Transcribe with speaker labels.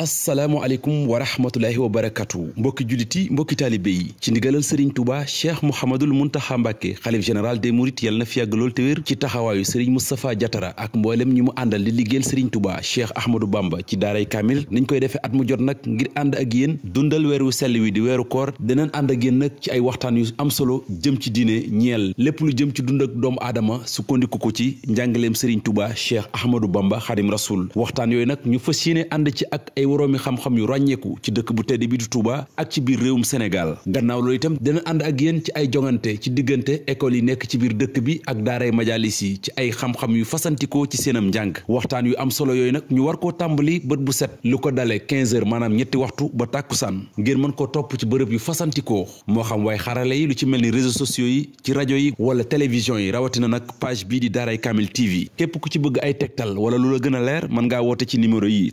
Speaker 1: asalaamualeykum wa rahmatulahi wa barakatu mbokki julliti mbokki taalibe yi ci ndigalal sëriñ tuba cheikh mouhamadul muntaxa mbàkke xalif général de mourides yal na fi yàgg lool te wér ci taxawaayu sëriñ moustapha jatara ak mboolem ñi mu àndal di liggéeyal sëriñ tuba cheikh ahmadou bamba ci daaray kaamil niñ koy defee at mu jot nag ngir ànd ak yéen dundal weeru sell wi di weeru koor deneen ànd ak yéen nag ci ay waxtaan yu am solo jëm ci diine ñeel lépp lu jëm ci dund ak doomu aadama sukkandiku ko ci njàngaleem sëriñ tuba cheikh ahmadou bamba xadim rasul waxtaan yooyu nag ñu fas ak woroomi xam-xam yu ràññeeku ci dëkk bu tedd bi di Touba ak ci biir réewum Sénégal gannaaw loolu itam dina ànd ak yéen ci ay jongante ci diggante école yi nekk ci biir dëkk bi ak daaray majalis yi ci ay xam-xam yu fasantikoo ci seenam njàng waxtaan yu am solo yooyu nag ñu war koo tàmbali bët bu set lu ko dalee 15 heures maanaam ñetti waxtu ba tàkkusaan ngeen mën koo topp ci bërëb yu fasantikoo moo xam waaye xarale yi lu ci mel ni réseaux sociaux yi ci rajo yi wala télévision yi rawatina nag page bii di daaray Kamil TV képp ku ci bëgg ay tegtal wala lu gën a leer mën ngaa ci numéro yi